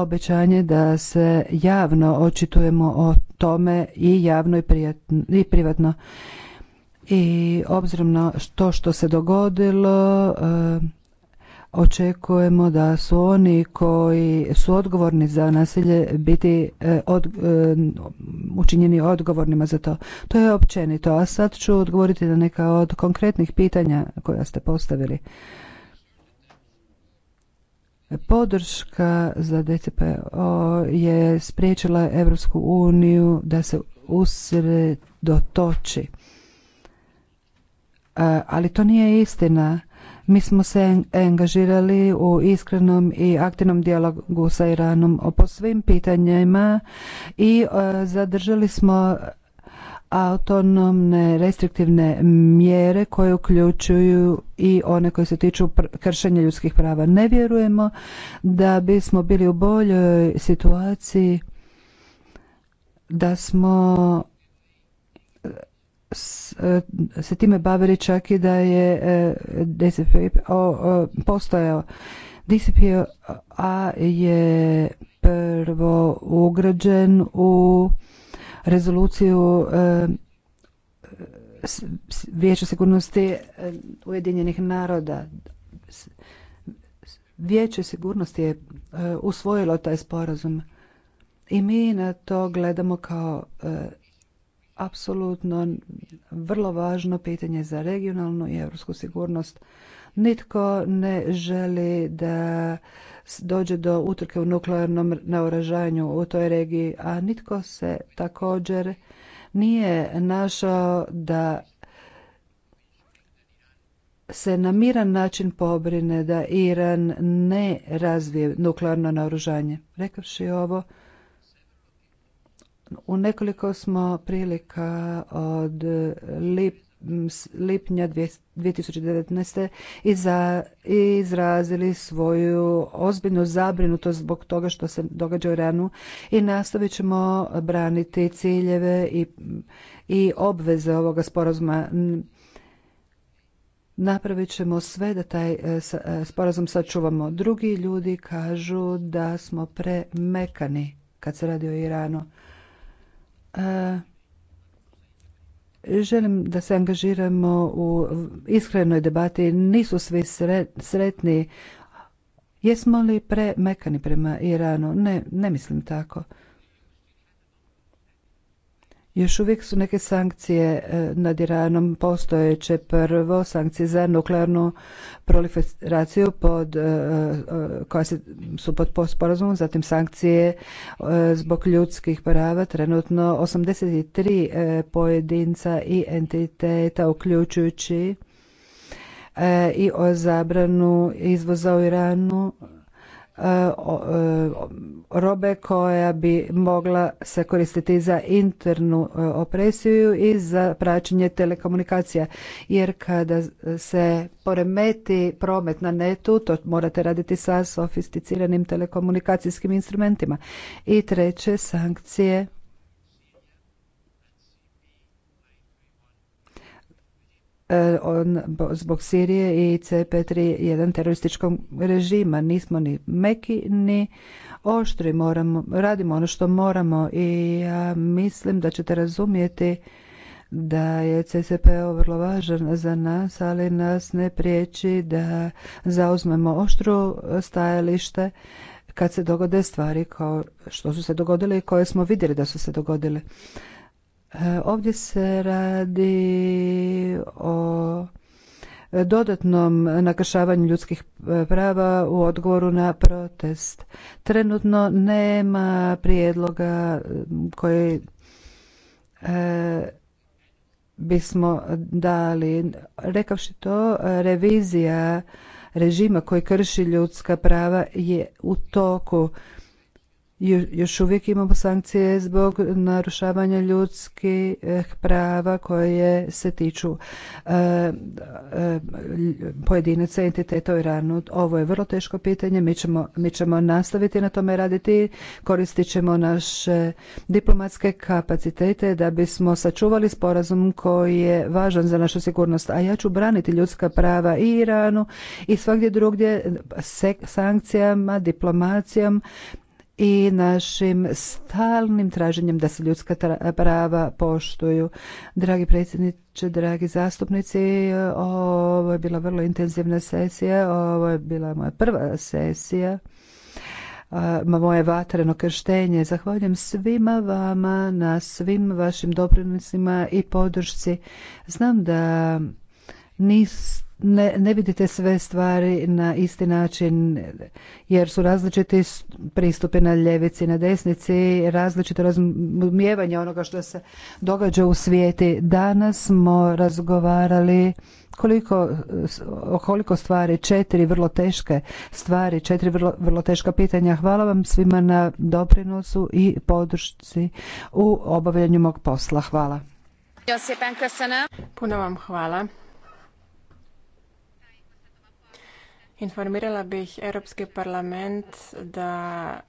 obećanje da se javno očitujemo o tome i javno i, privatno. I obzirom na to što se dogodilo, eh, očekujemo da su oni koji su odgovorni za nasilje biti eh, od, eh, učinjeni odgovornima za to. To je općenito, a sad ću odgovoriti na neka od konkretnih pitanja koja ste postavili podrška za DCPO je spriječila Evropsku uniju da se usredotoči. E, ali to nije istina. Mi smo se angažirali u iskrenom i aktivnom dijalogu sa Iranom po svim pitanjima i e, zadržali smo autonomne restriktivne mjere koje uključuju i one koje se tiču kršenja ljudskih prava. Ne vjerujemo da bismo bili u boljoj situaciji da smo e, se time bavili čak i da je e, postojao. DCP-a je prvo ugrađen u rezoluciju e, Vijeća sigurnosti e, Ujedinjenih naroda. Vijeće sigurnosti je e, usvojilo taj sporazum i mi na to gledamo kao apsolutno vrlo važno pitanje za regionalnu i europsku sigurnost. Nitko ne želi da dođe do utrke u nuklearnom naoražanju u toj regiji, a nitko se također nije našao da se na miran način pobrine da Iran ne razvije nuklearno naoružanje. Rekavši ovo, u nekoliko smo prilika od lip lipnja 2019. izrazili svoju ozbiljnu zabrinutost zbog toga što se događa u Iranu i nastavit ćemo braniti ciljeve i, i obveze ovoga sporazuma. Napravit ćemo sve da taj e, e, sporazum sačuvamo. Drugi ljudi kažu da smo premekani kad se radi o Iranu. E, Želim da se angažiramo u iskrenoj debati. Nisu svi sretni. Jesmo li premekani prema Iranu? Ne, ne mislim tako. Još uvijek su neke sankcije e, nad Iranom postojeće. Prvo, sankcije za nuklearnu proliferaciju pod, e, e, koja su pod sporazumom, zatim sankcije zbog ljudskih prava. Trenutno 83 pojedinca i entiteta, uključujući i o zabranu izvoza u Iranu E, robe koja bi mogla se koristiti za internu e, opresiju i za praćenje telekomunikacija. Jer kada se poremeti promet na netu, to morate raditi sa sofisticiranim telekomunikacijskim instrumentima. I treće, sankcije E, on, zbog Sirije i CP3 terorističkom režima. Nismo ni meki ni oštri, moramo, radimo ono što moramo i ja mislim da ćete razumijeti da je csp vrlo važan za nas, ali nas ne priječi da zauzmemo oštru stajalište kad se dogode stvari kao što su se dogodile i koje smo vidjeli da su se dogodile. Ovdje se radi o dodatnom nakršavanju ljudskih prava u odgovoru na protest. Trenutno nema prijedloga koje bismo dali. Rekavši to, revizija režima koji krši ljudska prava je u toku još uvijek imamo sankcije zbog narušavanja ljudskih prava koje se tiču e, e, pojedinaca entiteta u Iranu. Ovo je vrlo teško pitanje, mi ćemo, mi ćemo nastaviti na tome raditi, koristit ćemo naše diplomatske kapacitete da bismo sačuvali sporazum koji je važan za našu sigurnost, a ja ću braniti ljudska prava i Iranu i svakdje drugdje sankcijama, diplomacijom i našim stalnim traženjem da se ljudska prava poštuju. Dragi predsjedniče, dragi zastupnici, ovo je bila vrlo intenzivna sesija, ovo je bila moja prva sesija moje vatreno krštenje. Zahvaljujem svima vama na svim vašim doprinosima i podršci. Znam da niste ne, ne vidite sve stvari na isti način jer su različiti pristupi na ljevici, na desnici, različito razumijevanje onoga što se događa u svijeti. Danas smo razgovarali koliko, o koliko stvari, četiri vrlo teške stvari, četiri vrlo, vrlo teška pitanja. Hvala vam svima na doprinosu i podršci u obavljanju mog posla. Hvala. Puno vam hvala. Informirala bih Europski parlament da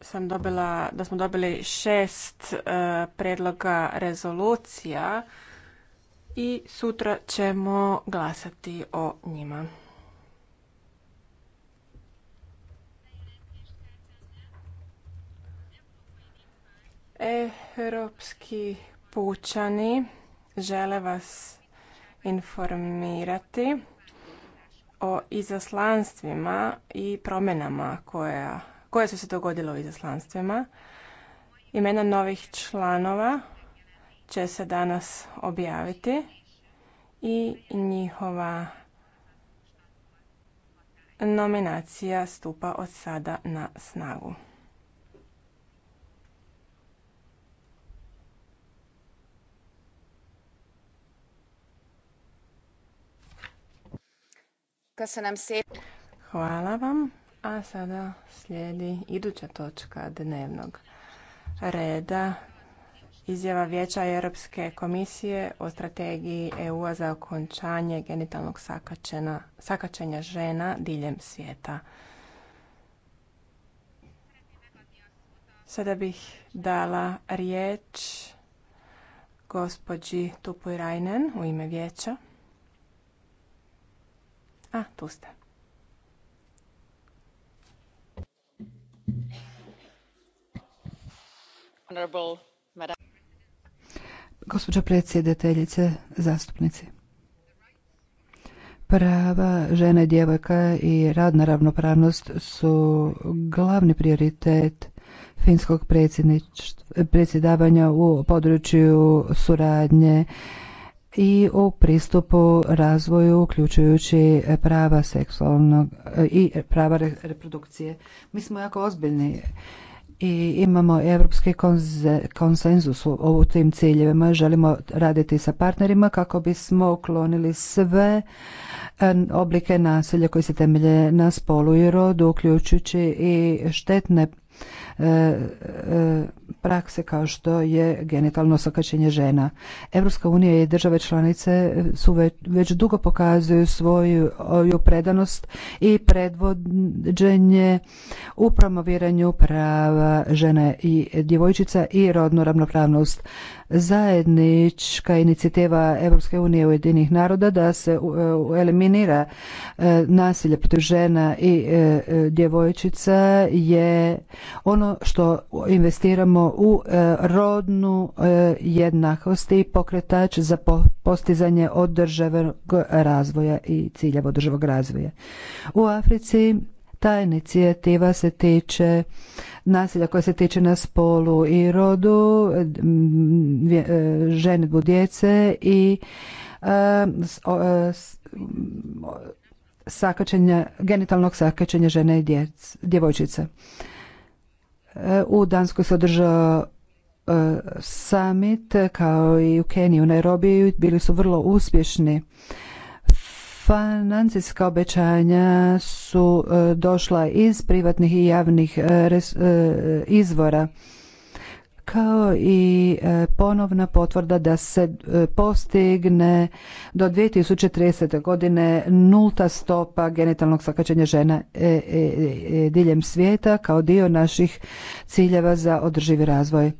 sam dobila, da smo dobili šest uh, predloga rezolucija i sutra ćemo glasati o njima. Europski pučani žele vas informirati o izaslanstvima i promjenama koje su se dogodile u izaslanstvima. Imena novih članova će se danas objaviti i njihova nominacija stupa od sada na snagu. Hvala vam. A sada slijedi iduća točka dnevnog reda. Izjava Vijeća Europske komisije o strategiji EU-a za okončanje genitalnog sakačenja žena diljem svijeta. Sada bih dala riječ gospođi Tupu Rajnen u ime Vijeća. A, tu ste. Gospođo predsjedateljice, zastupnici. Prava žena i djevojka i radna ravnopravnost su glavni prioritet finskog predsjedavanja u području suradnje i o pristupu razvoju uključujući prava seksualnog i prava reprodukcije. Mi smo jako ozbiljni i imamo evropski konsenzus u tim ciljevima. Želimo raditi sa partnerima kako bismo uklonili sve e, oblike nasilja koji se temelje na spolu i rodu, uključujući i štetne e, e, prakse kao što je genitalno sakačenje žena. Europska unija i države članice su već, dugo pokazuju svoju predanost i predvođenje u promoviranju prava žene i djevojčica i rodnu ravnopravnost zajednička inicijativa Europske unije Ujedinih naroda da se e, eliminira e, nasilje protiv žena i e, djevojčica je ono što investiramo u rodnu jednakost i pokretač za postizanje održavog razvoja i ciljeva održavog razvoja. U Africi ta inicijativa se tiče nasilja koje se tiče na spolu i rodu, mm, e, ženitbu djece i e, e, sakačenja, genitalnog sakačenja žene i djec, U Danskoj se održao summit kao i u Keniji u Nairobi. bili su vrlo uspješni Financijska obećanja su e, došla iz privatnih i javnih e, e, izvora kao i ponovna potvrda da se postigne do 2030. godine nulta stopa genitalnog sakaćenja žena diljem svijeta kao dio naših ciljeva za održivi razvoj.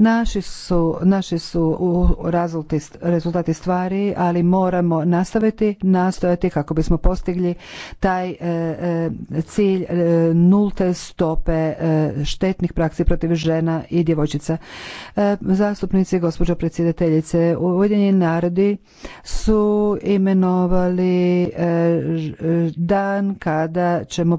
Naši su, naši su rezultati stvari, ali moramo nastaviti, nastojati kako bismo postigli taj e, e, cilj e, nulte stope štetnih praksi protiv žena i djevojčica. Zastupnici, gospođo predsjedateljice, Ujedinjeni narodi su imenovali dan kada ćemo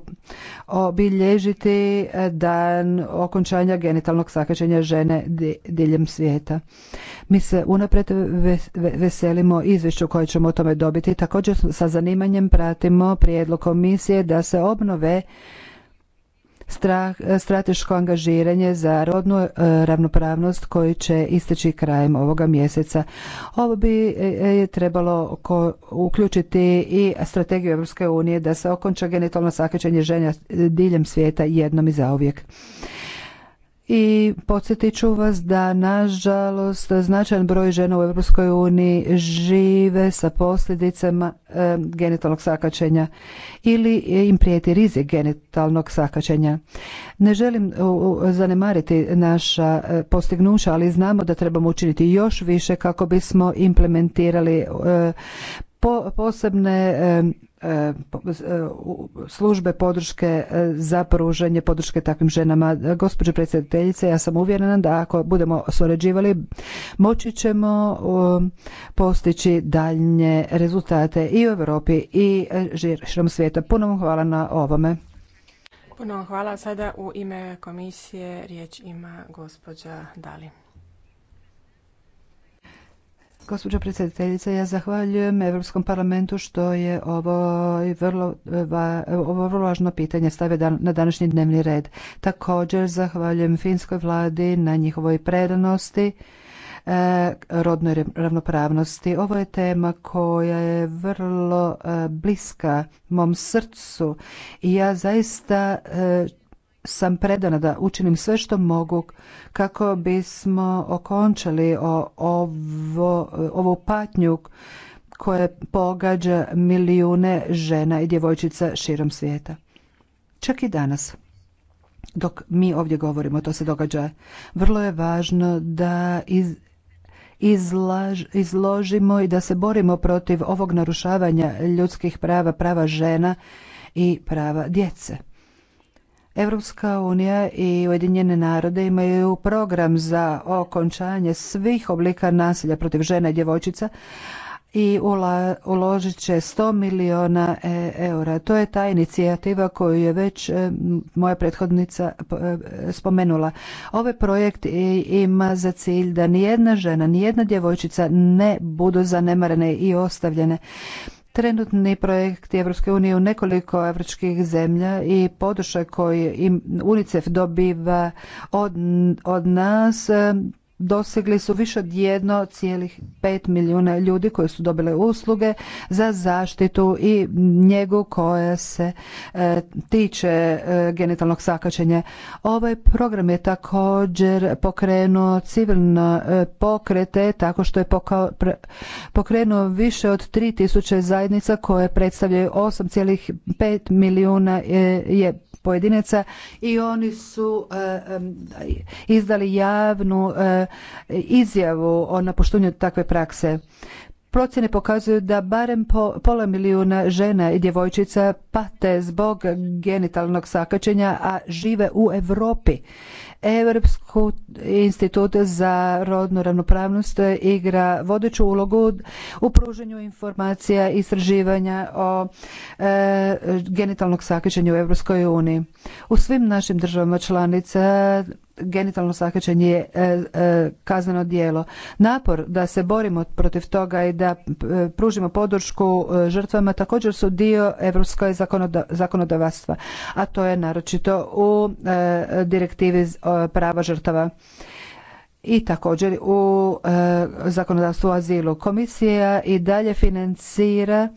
obilježiti dan okončanja genitalnog sakačenja žene diljem svijeta. Mi se unaprijed veselimo izvješću koje ćemo o tome dobiti. Također sa zanimanjem pratimo prijedlog komisije da se obnove strateško angažiranje za rodnu e, ravnopravnost koji će isteći krajem ovoga mjeseca. Ovo bi e, trebalo uključiti i strategiju Europske unije da se okonča genitalno sakaćenje žena diljem svijeta jednom i zauvijek i podsjetit ću vas da nažalost značajan broj žena u Europskoj uniji žive sa posljedicama e, genitalnog sakačenja ili im prijeti rizik genitalnog sakačenja. Ne želim zanemariti naša e, postignuća, ali znamo da trebamo učiniti još više kako bismo implementirali e, posebne službe podrške e, za pružanje podrške takvim ženama. Gospođo predsjedateljice, ja sam uvjerena da ako budemo surađivali, moći ćemo postići daljnje rezultate i u Europi i e, širom svijeta. Puno vam hvala na ovome. Puno vam hvala. Sada u ime komisije riječ ima gospođa Dali. Gospođo predsjedateljice, ja zahvaljujem Europskom parlamentu što je ovo vrlo, ovo vrlo važno pitanje stavio na današnji dnevni red. Također zahvaljujem finskoj vladi na njihovoj predanosti e, rodnoj ravnopravnosti. Ovo je tema koja je vrlo e, bliska mom srcu i ja zaista e, sam predana da učinim sve što mogu kako bismo okončali ovu patnju koja pogađa milijune žena i djevojčica širom svijeta. Čak i danas. Dok mi ovdje govorimo, to se događa. Vrlo je važno da izložimo i da se borimo protiv ovog narušavanja ljudskih prava, prava žena i prava djece. Europska unija i Ujedinjene narode imaju program za okončanje svih oblika nasilja protiv žena i djevojčica i uložit će 100 miliona e, eura. To je ta inicijativa koju je već e, moja prethodnica e, spomenula. Ovaj projekt ima za cilj da nijedna žena, jedna djevojčica ne budu zanemarene i ostavljene. Trenutni projekti Evropske unije u nekoliko evropskih zemlja i podršak koji UNICEF dobiva od, od nas dosegli su više od 1,5 milijuna ljudi koji su dobile usluge za zaštitu i njegu koja se e, tiče e, genitalnog sakačenja. Ovaj program je također pokrenuo civilne e, pokrete tako što je pokrenuo više od 3000 zajednica koje predstavljaju 8,5 milijuna je pojedinaca i oni su e, izdali javnu e, izjavu o napuštenju takve prakse. Procjene pokazuju da barem pola milijuna žena i djevojčica pate zbog genitalnog sakačenja, a žive u Europi. Europsku institut za rodnu ravnopravnost igra vodeću ulogu u pruženju informacija i istraživanja o e, genitalnog sakaćenja u Europskoj uniji. U svim našim državama članica genitalno sakričenje je e, e, kazneno djelo. Napor da se borimo protiv toga i da e, pružimo podršku žrtvama također su dio europskog zakonodavstva, a to je naročito u direktivi o E, prava žrtava i također u e, zakonodavstvu o azilu. Komisija i dalje financira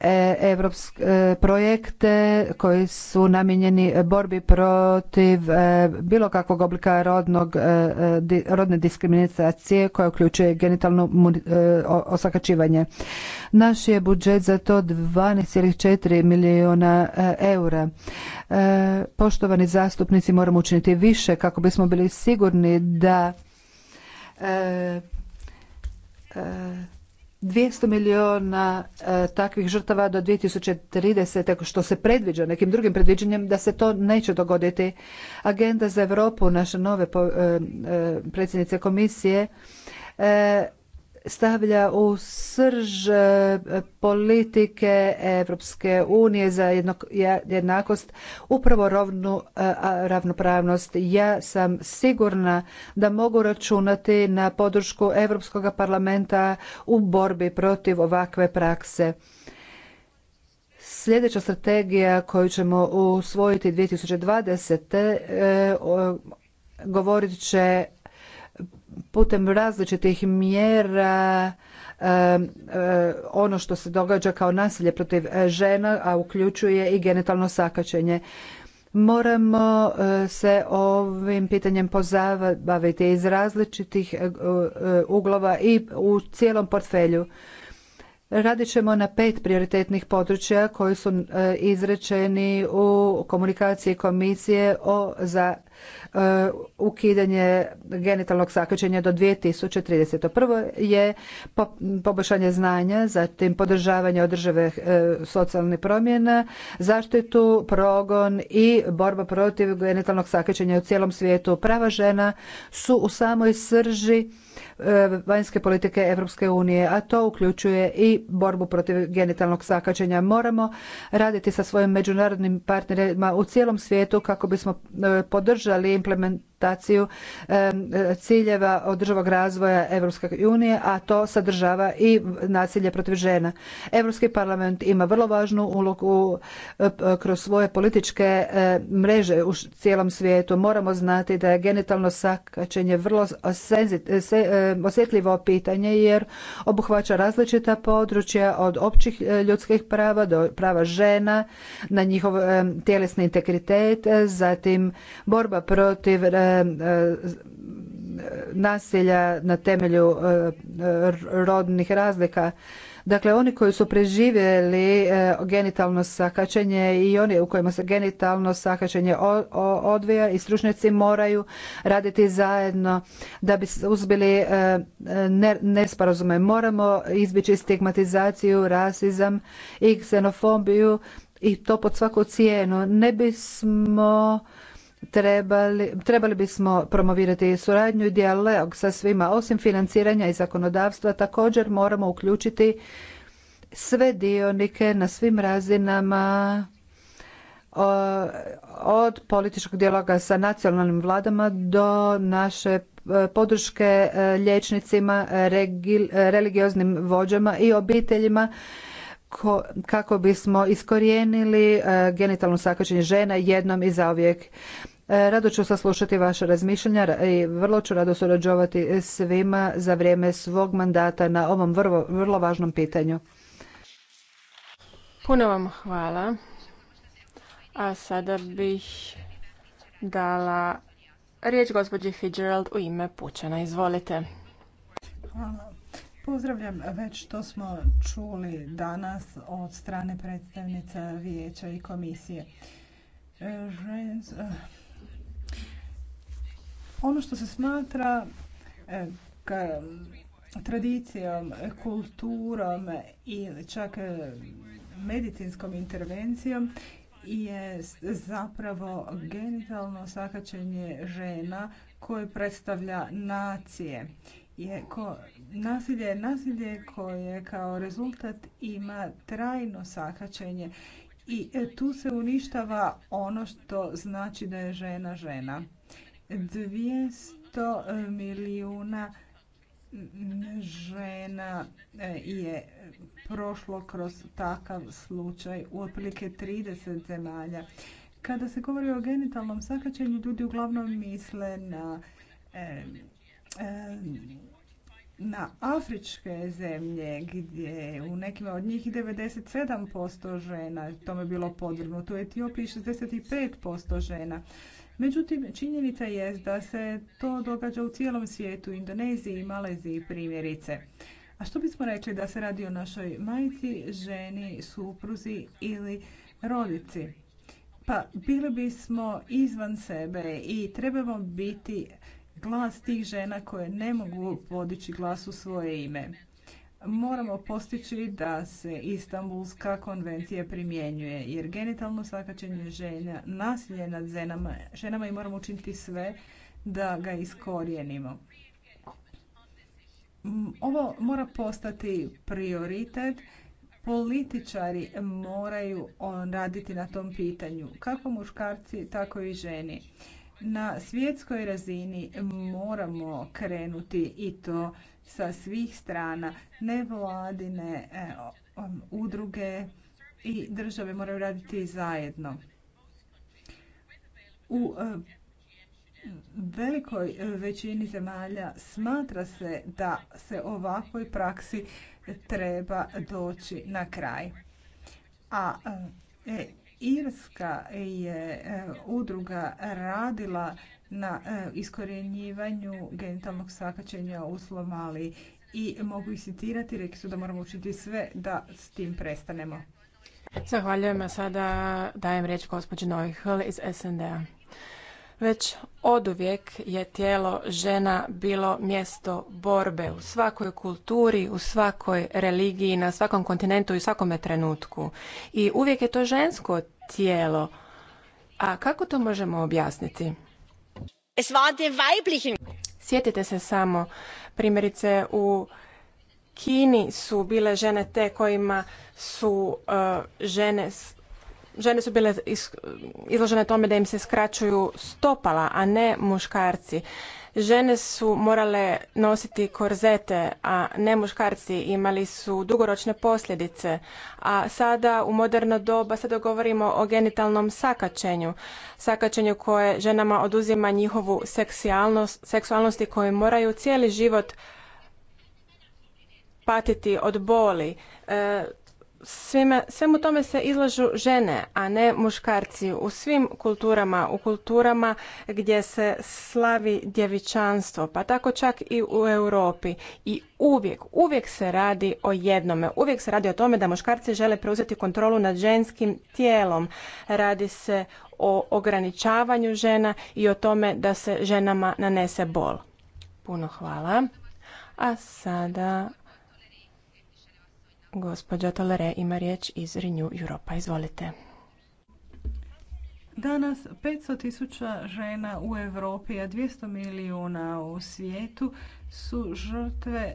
E, evropske projekte koji su namijenjeni borbi protiv e, bilo kakvog oblika rodnog, e, rodne diskriminacije koja uključuje genitalno osakačivanje. Naš je budžet za to 12,4 milijuna eura. Poštovani zastupnici, moramo učiniti više kako bismo bili sigurni da 200 milijuna e, takvih žrtava do 2030. što se predviđa nekim drugim predviđanjem da se to neće dogoditi. Agenda za Europu naše nove e, e, predsjednice komisije stavlja u srž e, politike Evropske unije za jednakost upravo rovnu e, ravnopravnost. Ja sam sigurna da mogu računati na podršku Evropskog parlamenta u borbi protiv ovakve prakse. Sljedeća strategija koju ćemo usvojiti 2020. E, govorit će putem različitih mjera e, e, ono što se događa kao nasilje protiv e, žena, a uključuje i genitalno sakaćenje. Moramo se ovim pitanjem pozabaviti iz različitih uglova i u cijelom portfelju. Radit ćemo na pet prioritetnih područja koji su izrečeni u komunikaciji komisije o za E, ukidanje genitalnog sakačenja do 2031. Prvo je poboljšanje znanja, zatim podržavanje održave e, socijalnih promjena, zaštitu, progon i borba protiv genitalnog sakačenja u cijelom svijetu. Prava žena su u samoj srži e, vanjske politike Europske unije, a to uključuje i borbu protiv genitalnog sakačenja. Moramo raditi sa svojim međunarodnim partnerima u cijelom svijetu kako bismo podržali ali implement, implementaciju ciljeva održivog razvoja Europske unije, a to sadržava i nasilje protiv žena. Europski parlament ima vrlo važnu ulogu e, kroz svoje političke e, mreže u cijelom svijetu. Moramo znati da je genitalno sakačenje vrlo e, osjetljivo pitanje jer obuhvaća različita područja od općih ljudskih prava do prava žena na njihov tjelesni integritet, zatim borba protiv E, nasilja na temelju e, rodnih razlika. Dakle, oni koji su preživjeli e, genitalno sakačenje i oni u kojima se genitalno sakačenje odvija i stručnjaci moraju raditi zajedno da bi uzbili nesporazume. Moramo izbići stigmatizaciju, rasizam i ksenofobiju i to pod svaku cijenu. Ne bismo Trebali, trebali bismo promovirati suradnju i dijalog sa svima. Osim financiranja i zakonodavstva također moramo uključiti sve dionike na svim razinama od političkog dijaloga sa nacionalnim vladama do naše e, podrške e, liječnicima, religioznim vođama i obiteljima kako bismo iskorijenili e, genitalno sakačenje žena jednom i zauvijek. E, rado ću saslušati vaše razmišljanja i vrlo ću rado surađovati svima za vrijeme svog mandata na ovom vrlo, važnom pitanju. Puno vam hvala. A sada bih dala riječ gospođi Fitzgerald u ime Pučana. Izvolite. Hvala. Pozdravljam već što smo čuli danas od strane predstavnica Vijeća i komisije ono što se smatra e, tradicijom, kulturom i čak e, medicinskom intervencijom je zapravo genitalno sakačenje žena koje predstavlja nacije. nasilje je nasilje koje kao rezultat ima trajno sakačenje i e, tu se uništava ono što znači da je žena žena. 200 e, milijuna žena e, je prošlo kroz takav slučaj u otprilike 30 zemalja. Kada se govori o genitalnom sakačenju, ljudi uglavnom misle na, e, na afričke zemlje gdje u nekima od njih 97% žena tome bilo podvrgnuto, u Etiopiji 65% žena. Međutim, činjenica je da se to događa u cijelom svijetu, Indoneziji i Maleziji primjerice. A što bismo rekli da se radi o našoj majci, ženi, supruzi ili rodici? Pa bili bismo izvan sebe i trebamo biti glas tih žena koje ne mogu podići glas u svoje ime moramo postići da se Istanbulska konvencija primjenjuje jer genitalno sakačenje žena, nasilje nad ženama, ženama i moramo učiniti sve da ga iskorijenimo. Ovo mora postati prioritet. Političari moraju raditi na tom pitanju, kako muškarci, tako i ženi. Na svjetskoj razini moramo krenuti i to sa svih strana, nevladine e, um, udruge i države moraju raditi zajedno. U e, velikoj većini zemalja smatra se da se ovakvoj praksi treba doći na kraj. A e, Irska je udruga radila na e, iskorjenjivanju genitalnog sakaćenja u Somaliji i mogu ih citirati, rekli su da moramo učiti sve da s tim prestanemo. Zahvaljujem, a sada dajem riječ gospođi Neuhl iz SND-a. Već oduvijek je tijelo žena bilo mjesto borbe u svakoj kulturi, u svakoj religiji, na svakom kontinentu i u svakome trenutku. I uvijek je to žensko tijelo. A kako to možemo objasniti? Sjetite se samo, primjerice u Kini su bile žene te kojima su uh, žene žene su bile izložene tome da im se skraćuju stopala, a ne muškarci. Žene su morale nositi korzete, a ne muškarci imali su dugoročne posljedice. A sada u moderno doba sada govorimo o genitalnom sakačenju. Sakačenju koje ženama oduzima njihovu seksualnost, seksualnosti koju moraju cijeli život patiti od boli. E, svime, svemu tome se izlažu žene, a ne muškarci u svim kulturama, u kulturama gdje se slavi djevičanstvo, pa tako čak i u Europi. I uvijek, uvijek se radi o jednome, uvijek se radi o tome da muškarci žele preuzeti kontrolu nad ženskim tijelom. Radi se o ograničavanju žena i o tome da se ženama nanese bol. Puno hvala. A sada Gospođa Tolere ima riječ iz Renew Europa. Izvolite. Danas 500 tisuća žena u Europi, a 200 milijuna u svijetu su žrtve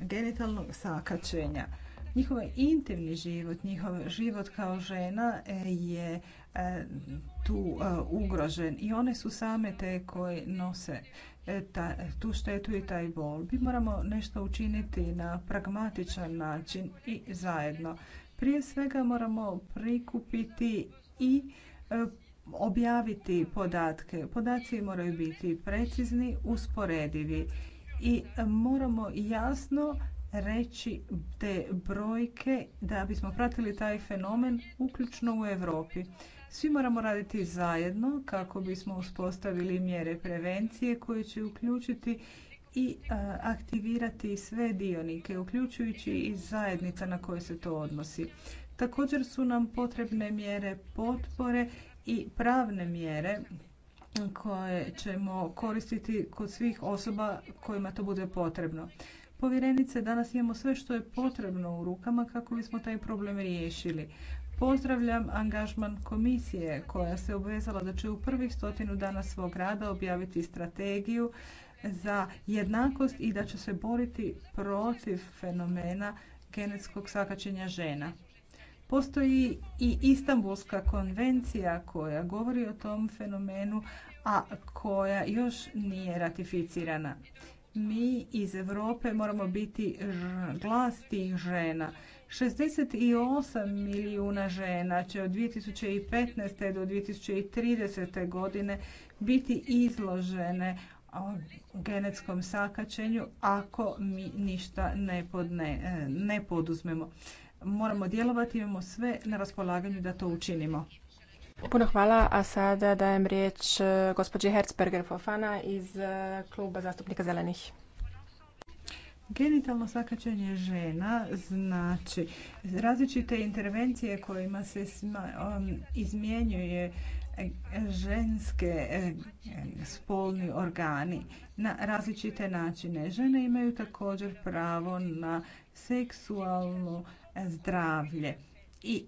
genitalnog sakačenja. Njihov intimni život, njihov život kao žena e, je e, tu e, ugrožen i one su same te koje nose E, ta, tu štetu i taj bol. Mi moramo nešto učiniti na pragmatičan način i zajedno. Prije svega moramo prikupiti i e, objaviti podatke. Podaci moraju biti precizni, usporedivi i moramo jasno reći te brojke da bismo pratili taj fenomen uključno u Europi. Svi moramo raditi zajedno kako bismo uspostavili mjere prevencije koje će uključiti i aktivirati sve dionike, uključujući i zajednica na koje se to odnosi. Također su nam potrebne mjere potpore i pravne mjere koje ćemo koristiti kod svih osoba kojima to bude potrebno. Povjerenice, danas imamo sve što je potrebno u rukama kako bismo taj problem riješili. Pozdravljam angažman komisije koja se obvezala da će u prvih stotinu dana svog rada objaviti strategiju za jednakost i da će se boriti protiv fenomena genetskog sakaćenja žena. Postoji i Istanbulska konvencija koja govori o tom fenomenu, a koja još nije ratificirana. Mi iz Europe moramo biti glas tih žena 68 milijuna žena će od 2015. do 2030. godine biti izložene genetskom sakačenju ako mi ništa e, ne, poduzmemo. Moramo djelovati, imamo sve na raspolaganju da to učinimo. Puno hvala, a sada dajem riječ e, gospođi Herzberger Fofana iz e, kluba zastupnika Zelenih. Genitalno sakačenje žena znači različite intervencije kojima se um, izmjenjuje e, ženske e, spolni organi na različite načine. Žene imaju također pravo na seksualno e, zdravlje i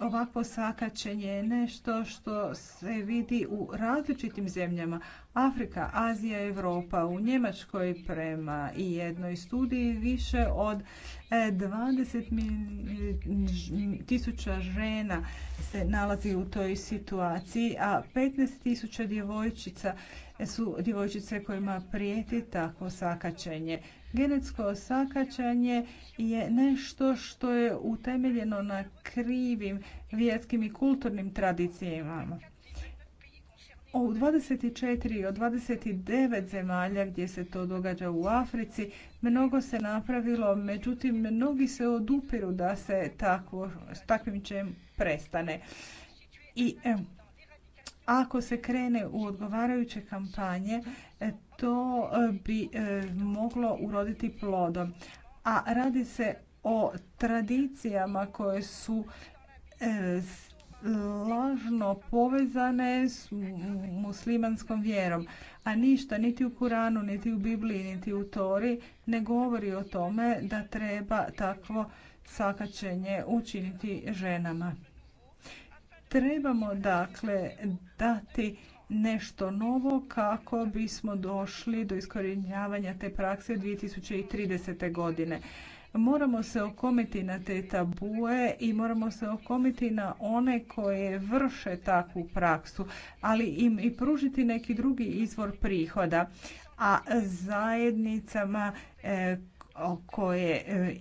Ovakvo sakačenje je nešto što se vidi u različitim zemljama. Afrika, Azija, Europa. U Njemačkoj prema i jednoj studiji više od e, dvadeset tisuća žena se nalazi u toj situaciji, a petnaest tisuća djevojčica su djevojčice kojima prijeti takvo sakačenje. Genetsko sakačanje je nešto što je utemeljeno na krivim vjerskim i kulturnim tradicijama. U 24 od 29 zemalja gdje se to događa u Africi, mnogo se napravilo, međutim mnogi se odupiru da se tako s takvim čem prestane. I ako se krene u odgovarajuće kampanje, to e, bi e, moglo uroditi plodom. A radi se o tradicijama koje su e, lažno povezane s muslimanskom vjerom. A ništa niti u Kuranu, niti u Bibliji, niti u Tori ne govori o tome da treba takvo sakaćenje učiniti ženama. Trebamo dakle dati nešto novo kako bismo došli do iskorjenjavanja te prakse 2030. godine. Moramo se okomiti na te tabue i moramo se okomiti na one koje vrše takvu praksu, ali im i pružiti neki drugi izvor prihoda. A zajednicama e, koje e,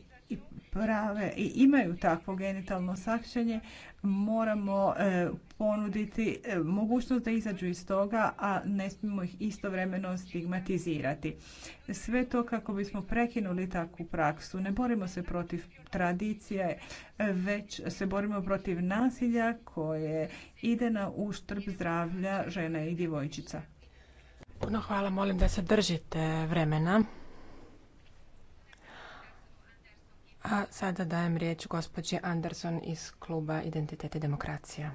prave i imaju takvo genitalno sakšenje, moramo e, ponuditi e, mogućnost da izađu iz toga, a ne smijemo ih istovremeno stigmatizirati. Sve to kako bismo prekinuli takvu praksu. Ne borimo se protiv tradicije, već se borimo protiv nasilja koje ide na uštrb zdravlja žena i djevojčica. Puno hvala, molim da se držite vremena. A sada dajem riječ gospođi Anderson iz kluba Identitet i demokracija.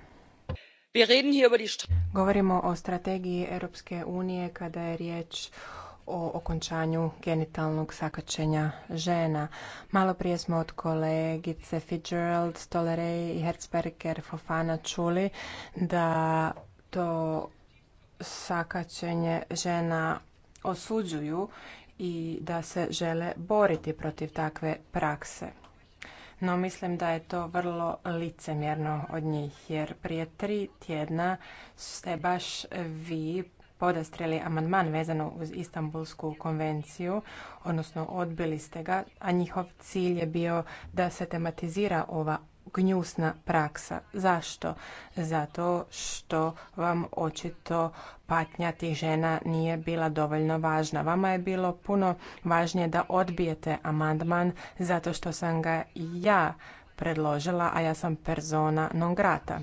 Govorimo o strategiji Europske unije kada je riječ o okončanju genitalnog sakačenja žena. Malo prije smo od kolegice Fitzgerald, Stolerej i Herzberger Fofana čuli da to sakačenje žena osuđuju i da se žele boriti protiv takve prakse. No mislim da je to vrlo licemjerno od njih jer prije tri tjedna ste baš vi podastrijeli amandman vezano uz Istanbulsku konvenciju, odnosno odbili ste ga, a njihov cilj je bio da se tematizira ova gnjusna praksa. Zašto? Zato što vam očito patnja tih žena nije bila dovoljno važna. Vama je bilo puno važnije da odbijete amandman zato što sam ga ja predložila, a ja sam persona non grata.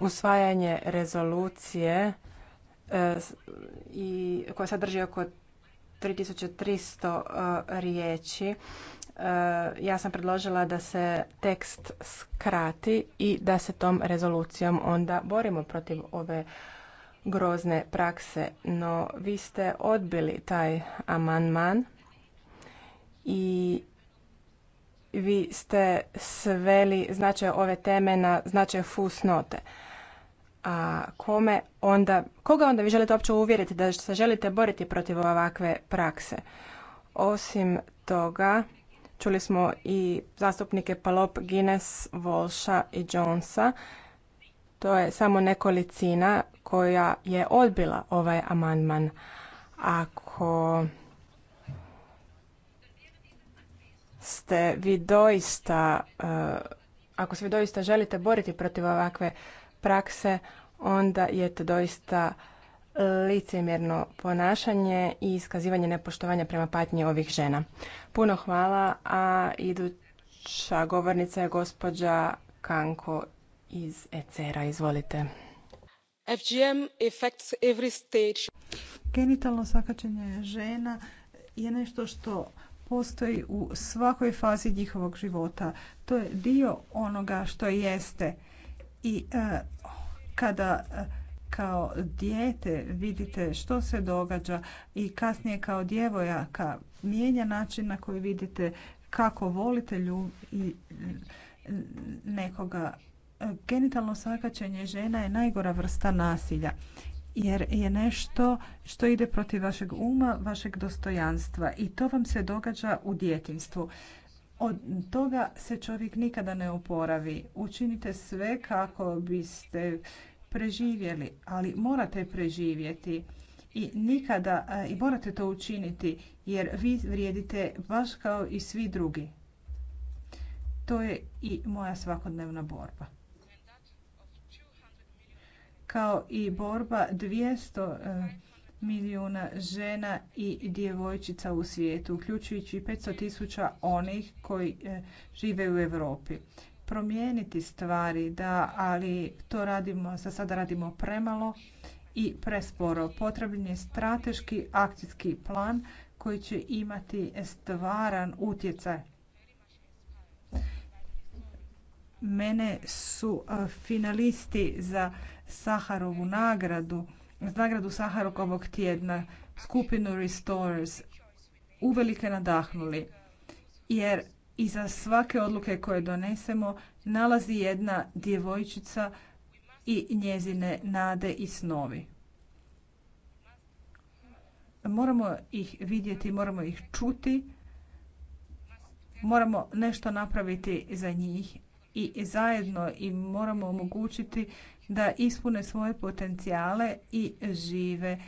Usvajanje rezolucije e, i koja sadrži oko 3300 e, riječi Eh, ja sam predložila da se tekst skrati i da se tom rezolucijom onda borimo protiv ove grozne prakse, no vi ste odbili taj amandman i vi ste sveli značaj ove teme na značaj fusnote. A kome onda, koga onda vi želite uopće uvjeriti da se želite boriti protiv ovakve prakse? Osim toga, Čuli smo i zastupnike Palop, Guinness, Volša i Jonesa. To je samo nekolicina koja je odbila ovaj amandman. Ako ste vi doista, eh, ako se vi doista želite boriti protiv ovakve prakse, onda je to doista licemjerno ponašanje i iskazivanje nepoštovanja prema patnji ovih žena. Puno hvala, a iduća govornica je gospođa Kanko iz ECR-a. Izvolite. FGM affects every stage. Genitalno sakačenje žena je nešto što postoji u svakoj fazi njihovog života. To je dio onoga što jeste. I eh, kada eh, kao dijete vidite što se događa i kasnije kao djevojaka mijenja način na koji vidite kako volite ljubi i nekoga. Genitalno sakaćenje žena je najgora vrsta nasilja jer je nešto što ide protiv vašeg uma, vašeg dostojanstva i to vam se događa u djetinstvu. Od toga se čovjek nikada ne oporavi. Učinite sve kako biste preživjeli, ali morate preživjeti i nikada i morate to učiniti jer vi vrijedite baš kao i svi drugi. To je i moja svakodnevna borba. Kao i borba 200 e, milijuna žena i djevojčica u svijetu, uključujući 500 tisuća onih koji e, žive u Europi promijeniti stvari, da, ali to radimo, za sada radimo premalo i presporo. Potreban je strateški akcijski plan koji će imati stvaran utjecaj. Mene su finalisti za Saharovu nagradu, nagradu Saharovog tjedna, skupinu Restorers, uvelike nadahnuli. Jer iza svake odluke koje donesemo nalazi jedna djevojčica i njezine nade i snovi. Moramo ih vidjeti, moramo ih čuti, moramo nešto napraviti za njih i zajedno im moramo omogućiti da ispune svoje potencijale i žive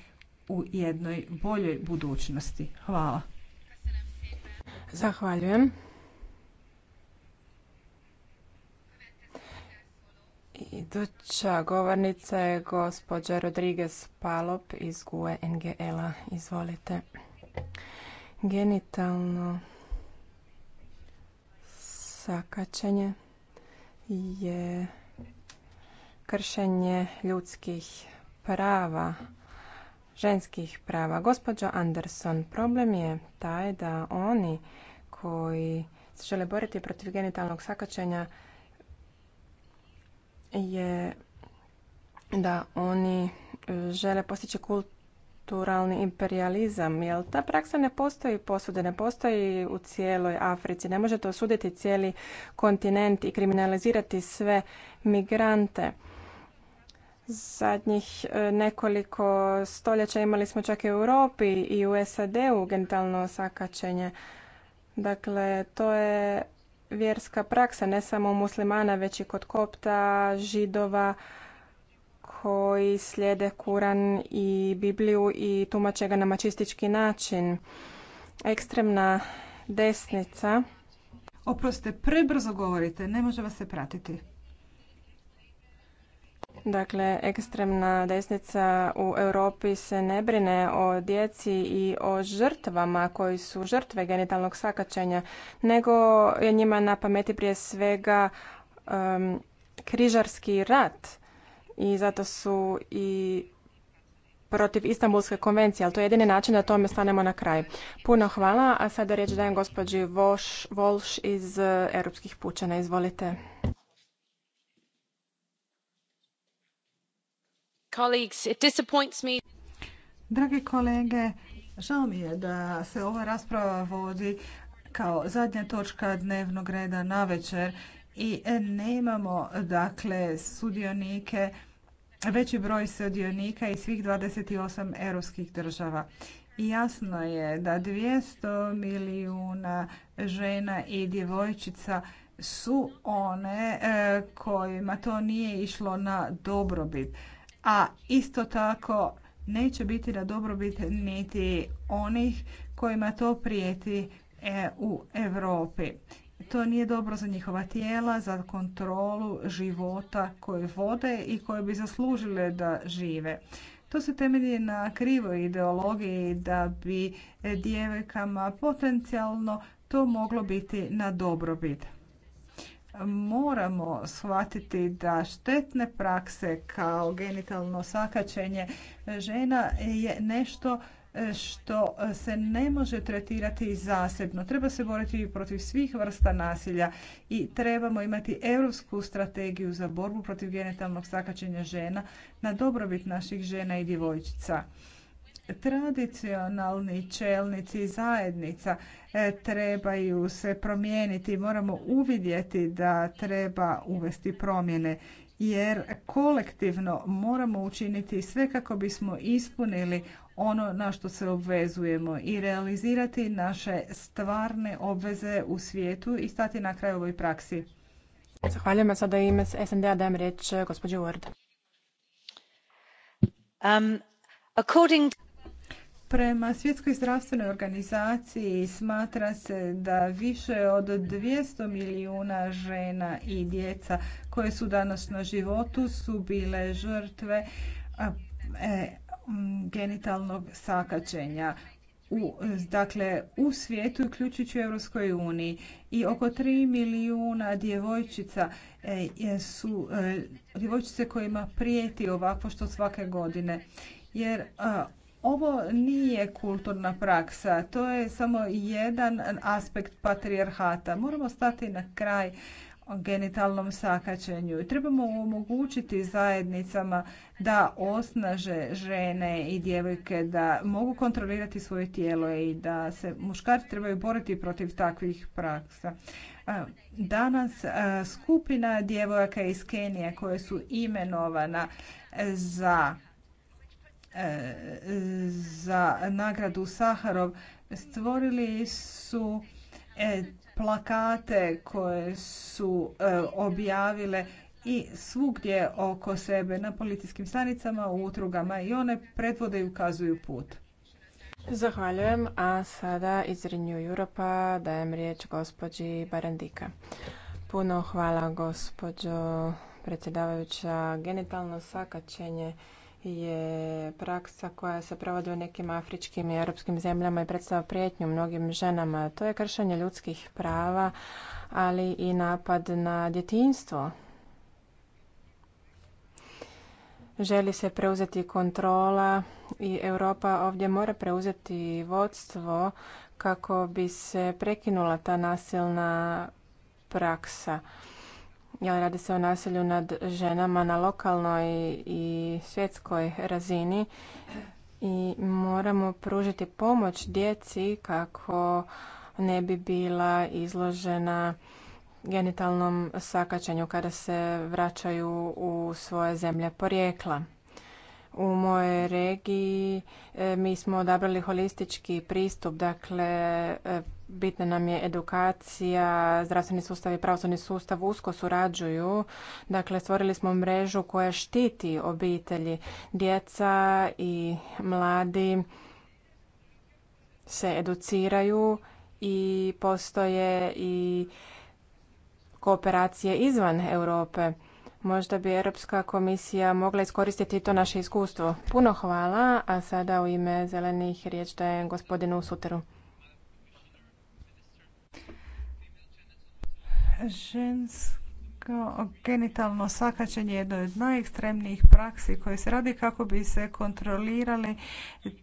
u jednoj boljoj budućnosti. Hvala. Zahvaljujem. Iduća govornica je gospođa Rodriguez Palop iz GUE NGL-a. Izvolite. Genitalno sakačenje je kršenje ljudskih prava, ženskih prava. Gospođo Anderson, problem je taj da oni koji se žele boriti protiv genitalnog sakačenja je da oni e, žele postići kulturalni imperializam, jer ta praksa ne postoji posude, ne postoji u cijeloj Africi. Ne možete osuditi cijeli kontinent i kriminalizirati sve migrante. Zadnjih e, nekoliko stoljeća imali smo čak i u Europi i u SAD-u genitalno sakačenje. Dakle, to je vjerska praksa, ne samo muslimana, već i kod kopta, židova, koji slijede Kuran i Bibliju i tumače ga na mačistički način. Ekstremna desnica. Oprostite, prebrzo govorite, ne može vas se pratiti. Dakle, ekstremna desnica u Europi se ne brine o djeci i o žrtvama koji su žrtve genitalnog sakačenja, nego je njima na pameti prije svega križarski rat i zato su i protiv Istanbulske konvencije, ali to je jedini način da tome stanemo na kraj. Puno hvala, a sada riječ dajem gospođi Volš iz eh, Europskih pučana. Izvolite. Drage kolege, žao mi je da se ova rasprava vodi kao zadnja točka dnevnog reda na večer i nemamo dakle sudionike, veći broj sudionika iz svih 28 europskih država. Jasno je da 200 milijuna žena i djevojčica su one e, kojima to nije išlo na dobrobit a isto tako neće biti na dobrobit niti onih kojima to prijeti e, u Europi. To nije dobro za njihova tijela, za kontrolu života koje vode i koje bi zaslužile da žive. To se temelji na krivoj ideologiji da bi djevojkama potencijalno to moglo biti na dobrobit moramo shvatiti da štetne prakse kao genitalno sakačenje žena je nešto e, što se ne može tretirati zasebno. Treba se boriti protiv svih vrsta nasilja i trebamo imati europsku strategiju za borbu protiv genitalnog sakačenja žena na dobrobit naših žena i djevojčica tradicionalni čelnici zajednica e, trebaju se promijeniti. Moramo uvidjeti da treba uvesti promjene jer kolektivno moramo učiniti sve kako bismo ispunili ono na što se obvezujemo i realizirati naše stvarne obveze u svijetu i stati na kraj ovoj praksi. Zahvaljujem sada ime SND-a dajem riječ e, gospođi Ward. Um, according Prema Svjetskoj zdravstvenoj organizaciji smatra se da više od 200 milijuna žena i djeca koje su danas na životu su bile žrtve e, genitalnog sakaćenja u, dakle, u svijetu, uključujući u Europskoj uniji. I oko 3 milijuna djevojčica e, su e, djevojčice kojima prijeti ovako što svake godine. Jer ovo nije kulturna praksa, to je samo jedan aspekt patrijarhata. Moramo stati na kraj genitalnom sakačenju. Trebamo omogućiti zajednicama da osnaže žene i djevojke da mogu kontrolirati svoje tijelo i da se muškarci trebaju boriti protiv takvih praksa. Danas skupina djevojaka iz Kenije koje su imenovana za za nagradu Saharov stvorili su e, plakate koje su e, objavile i svugdje oko sebe na policijskim stanicama, u utrugama i one predvode i ukazuju put. Zahvaljujem, a sada iz Renew Europa dajem riječ gospođi Barandika. Puno hvala gospođo predsjedavajuća. Genitalno sakačenje je praksa koja se provodi u nekim afričkim i europskim zemljama i predstavlja prijetnju mnogim ženama. To je kršenje ljudskih prava, ali i napad na djetinstvo. Želi se preuzeti kontrola i Europa ovdje mora preuzeti vodstvo kako bi se prekinula ta nasilna praksa radi se o nasilju nad ženama na lokalnoj i svjetskoj razini i moramo pružiti pomoć djeci kako ne bi bila izložena genitalnom sakaćenju kada se vraćaju u svoje zemlje porijekla mojoj regiji e, mi smo odabrali holistički pristup, dakle e, bitna nam je edukacija, zdravstveni sustav i pravosudni sustav usko surađuju. Dakle, stvorili smo mrežu koja štiti obitelji, djeca i mladi se educiraju i postoje i kooperacije izvan Europe. Možda bi Europska komisija mogla iskoristiti to naše iskustvo. Puno hvala, a sada u ime zelenih riječ dajem gospodinu Suteru. Žensko genitalno sakačenje je jedno od najekstremnijih praksi koje se radi kako bi se kontrolirali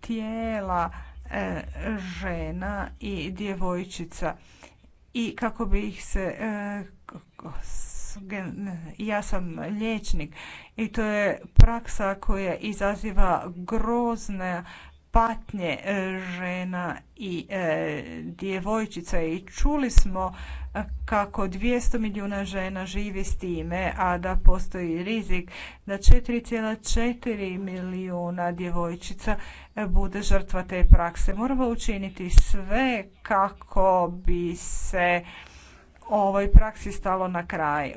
tijela e, žena i djevojčica i kako bi ih se e, ja sam liječnik i to je praksa koja izaziva grozne patnje e, žena i e, djevojčica i čuli smo e, kako 200 milijuna žena živi s time, a da postoji rizik da 4,4 milijuna djevojčica bude žrtva te prakse. Moramo učiniti sve kako bi se ovoj praksi stalo na kraj.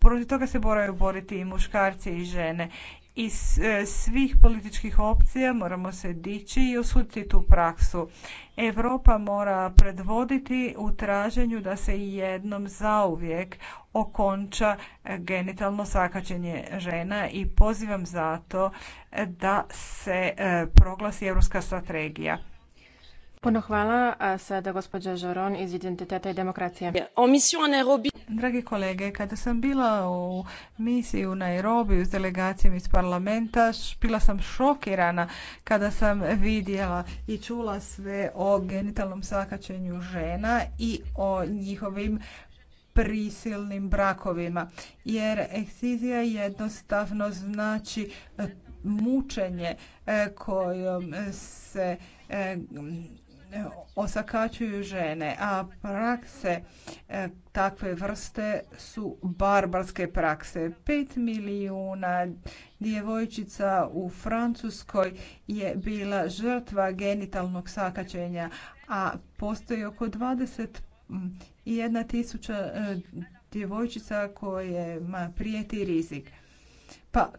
Protiv toga se moraju boriti i muškarci i žene. Iz e, svih političkih opcija moramo se dići i osuditi tu praksu. Europa mora predvoditi u traženju da se jednom zauvijek okonča genitalno sakačenje žena i pozivam zato da se e, proglasi europska strategija. Puno hvala. A sada gospođa Žoron iz Identiteta i demokracije. Dragi kolege, kada sam bila u misiji u Nairobi s delegacijom iz parlamenta, bila sam šokirana kada sam vidjela i čula sve o genitalnom sakačenju žena i o njihovim prisilnim brakovima. Jer eksizija jednostavno znači e, mučenje e, kojom se e, osakaćuju žene, a prakse e, takve vrste su barbarske prakse. Pet milijuna djevojčica u Francuskoj je bila žrtva genitalnog sakaćenja, a postoji oko 21 tisuća e, djevojčica kojima prijeti rizik. Pa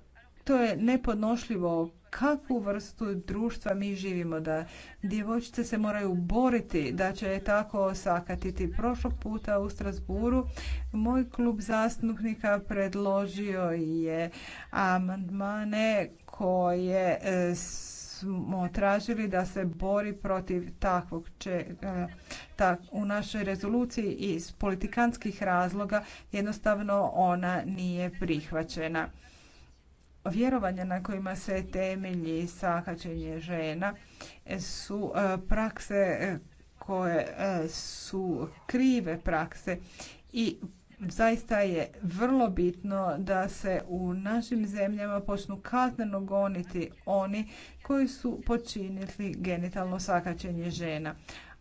to je nepodnošljivo kakvu vrstu društva mi živimo, da djevojčice se moraju boriti, da će je tako osakatiti. Prošlog puta u Strasburu moj klub zastupnika predložio je amandmane koje e, smo tražili da se bori protiv takvog čega u našoj rezoluciji iz politikantskih razloga jednostavno ona nije prihvaćena vjerovanja na kojima se temelji sakaćenje žena su e, prakse e, koje e, su krive prakse i zaista je vrlo bitno da se u našim zemljama počnu kazneno goniti oni koji su počinili genitalno sakaćenje žena.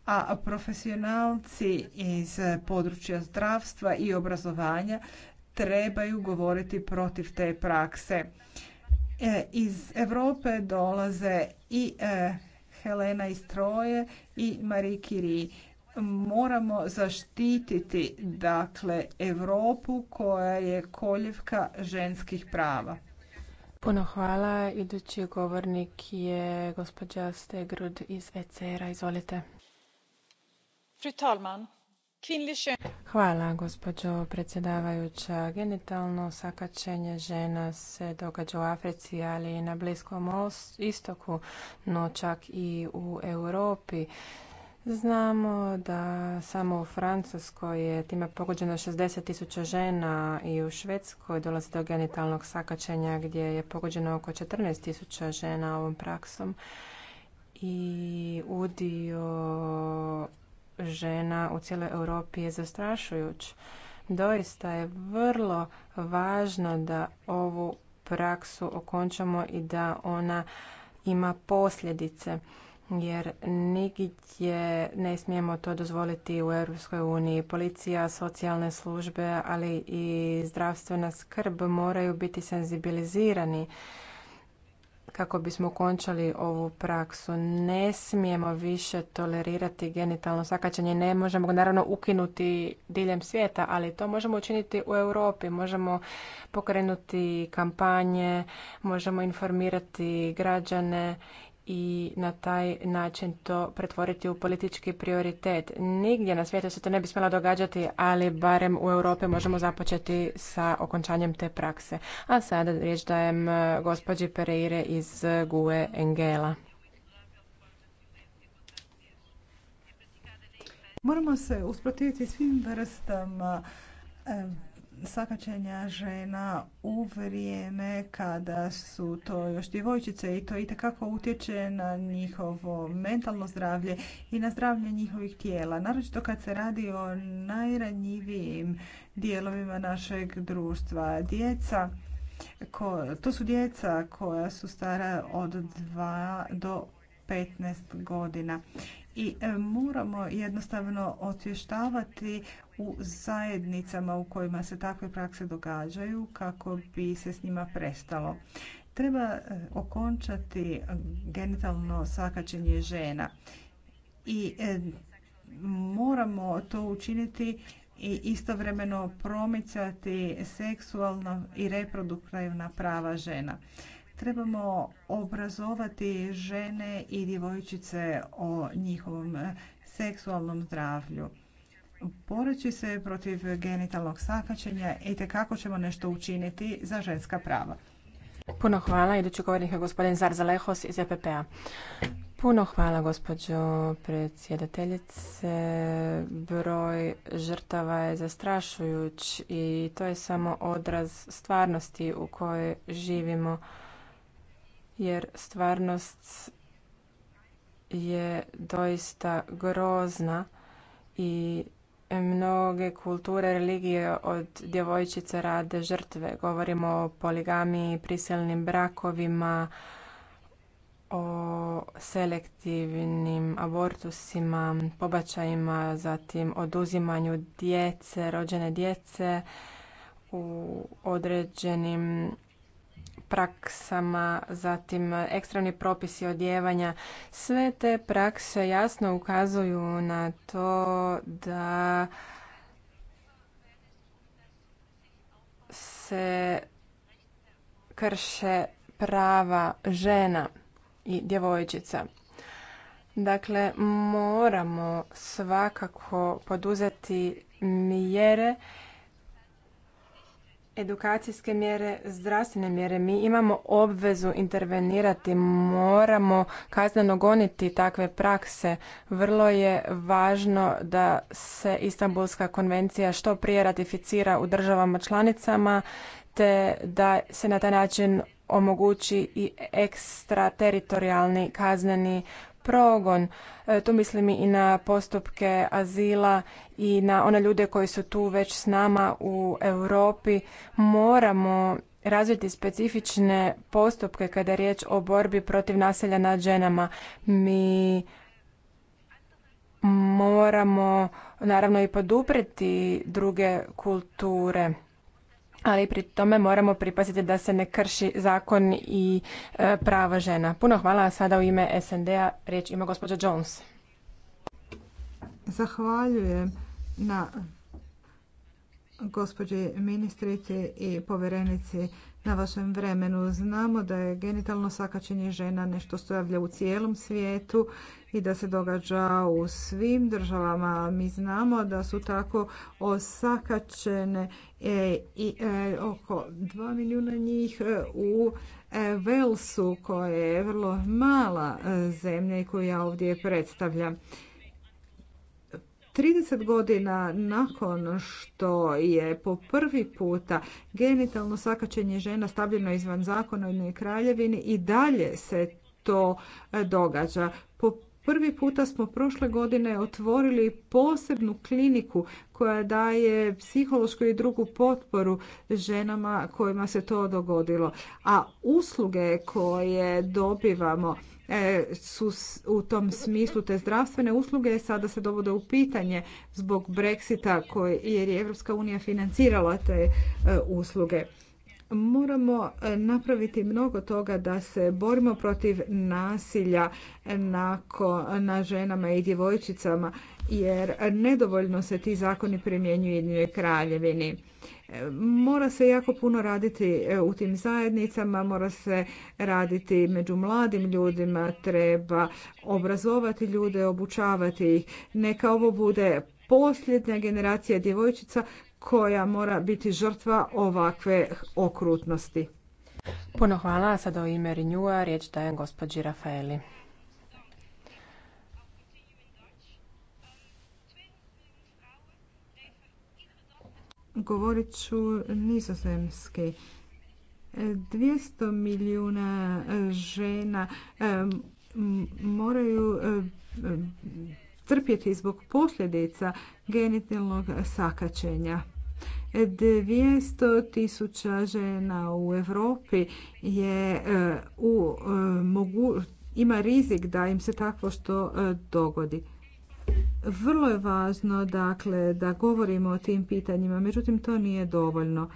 A profesionalci iz područja zdravstva i obrazovanja trebaju govoriti protiv te prakse. E, iz Europe dolaze i e, Helena iz Troje i Marie Curie. Moramo zaštititi dakle Europu koja je koljevka ženskih prava. Puno hvala. Idući govornik je gospođa Stegrud iz ECR-a. Izvolite. Fru talman, Hvala, gospođo predsjedavajuća. Genitalno sakačenje žena se događa u Africi, ali i na Bliskom istoku, no čak i u Europi. Znamo da samo u Francuskoj je time pogođeno 60 tisuća žena i u Švedskoj dolazi do genitalnog sakačenja gdje je pogođeno oko 14 tisuća žena ovom praksom i udio žena u cijeloj Europi je zastrašujuć. Doista je vrlo važno da ovu praksu okončamo i da ona ima posljedice jer nigdje ne smijemo to dozvoliti u Europskoj uniji. Policija, socijalne službe, ali i zdravstvena skrb moraju biti senzibilizirani kako bismo končali ovu praksu. Ne smijemo više tolerirati genitalno sakaćenje Ne možemo ga naravno ukinuti diljem svijeta, ali to možemo učiniti u Europi. Možemo pokrenuti kampanje, možemo informirati građane i na taj način to pretvoriti u politički prioritet. Nigdje na svijetu se to ne bi smjelo događati, ali barem u Europi možemo započeti sa okončanjem te prakse. A sada riječ dajem e, gospođi Pereire iz GUE Engela. Moramo se usprotiviti svim vrstama e, sakaćenja žena u vrijeme kada su to još djevojčice i to itekako utječe na njihovo mentalno zdravlje i na zdravlje njihovih tijela, naročito kad se radi o najranjivijim dijelovima našeg društva. Djeca, to su djeca koja su stara od 2 do 15 godina i e, moramo jednostavno osvještavati u zajednicama u kojima se takve prakse događaju kako bi se s njima prestalo. Treba e, okončati genitalno sakačenje žena i e, moramo to učiniti i istovremeno promicati seksualna i reproduktivna prava žena. Trebamo obrazovati žene i djevojčice o njihovom eh, seksualnom zdravlju. Boreći se protiv genitalnog sakaćenja i kako ćemo nešto učiniti za ženska prava. Puno hvala. Idući govornik je gospodin Zarza Lehos iz EPP-a. Puno hvala gospođo predsjedateljice. Broj žrtava je zastrašujuć i to je samo odraz stvarnosti u kojoj živimo jer stvarnost je doista grozna i mnoge kulture, religije od djevojčice rade žrtve. Govorimo o poligamiji, prisilnim brakovima, o selektivnim abortusima, pobačajima, zatim oduzimanju djece, rođene djece u određenim praksama, zatim ekstremni propisi odjevanja. Sve te prakse jasno ukazuju na to da se krše prava žena i djevojčica. Dakle, moramo svakako poduzeti mjere edukacijske mjere, zdravstvene mjere. Mi imamo obvezu intervenirati, moramo kazneno goniti takve prakse. Vrlo je važno da se Istanbulska konvencija što prije ratificira u državama članicama te da se na taj način omogući i ekstrateritorijalni kazneni progon. E, tu mislim i na postupke azila i na one ljude koji su tu već s nama u Europi. Moramo razviti specifične postupke kada je riječ o borbi protiv nasilja nad ženama. Mi moramo naravno i poduprijeti druge kulture ali pri tome moramo pripaziti da se ne krši zakon i e, prava žena. Puno hvala, sada u ime SND-a riječ ima gospođa Jones. Zahvaljujem na gospođi ministrici i povjerenici na vašem vremenu. Znamo da je genitalno sakačenje žena nešto stojavlja u cijelom svijetu i da se događa u svim državama. Mi znamo da su tako osakaćene e, i e, oko dva milijuna njih e, u Velsu koja je vrlo mala zemlja i koju ja ovdje predstavljam. 30 godina nakon što je po prvi puta genitalno sakačenje žena stavljeno izvan zakona u Kraljevini i dalje se to događa. Po Prvi puta smo prošle godine otvorili posebnu kliniku koja daje psihološku i drugu potporu ženama kojima se to dogodilo. A usluge koje dobivamo e, su u tom smislu te zdravstvene usluge sada se dovode u pitanje zbog Brexita jer je Europska unija financirala te e, usluge. Moramo e, napraviti mnogo toga da se borimo protiv nasilja na ženama i djevojčicama jer nedovoljno se ti zakoni primjenjuju u kraljevini. E, mora se jako puno raditi e, u tim zajednicama, mora se raditi među mladim ljudima, treba obrazovati ljude, obučavati ih. Neka ovo bude posljednja generacija djevojčica koja mora biti žrtva ovakve okrutnosti. Puno hvala. Sada o ime Renjua riječ dajem gospođi Rafaeli. Govorit ću nizozemski. 200 milijuna e, žena e, moraju e, trpjeti zbog posljedica genitalnog sakačenja. 200 tisuća žena u Europi je e, u e, ima rizik da im se takvo što e, dogodi. Vrlo je važno dakle da govorimo o tim pitanjima, međutim to nije dovoljno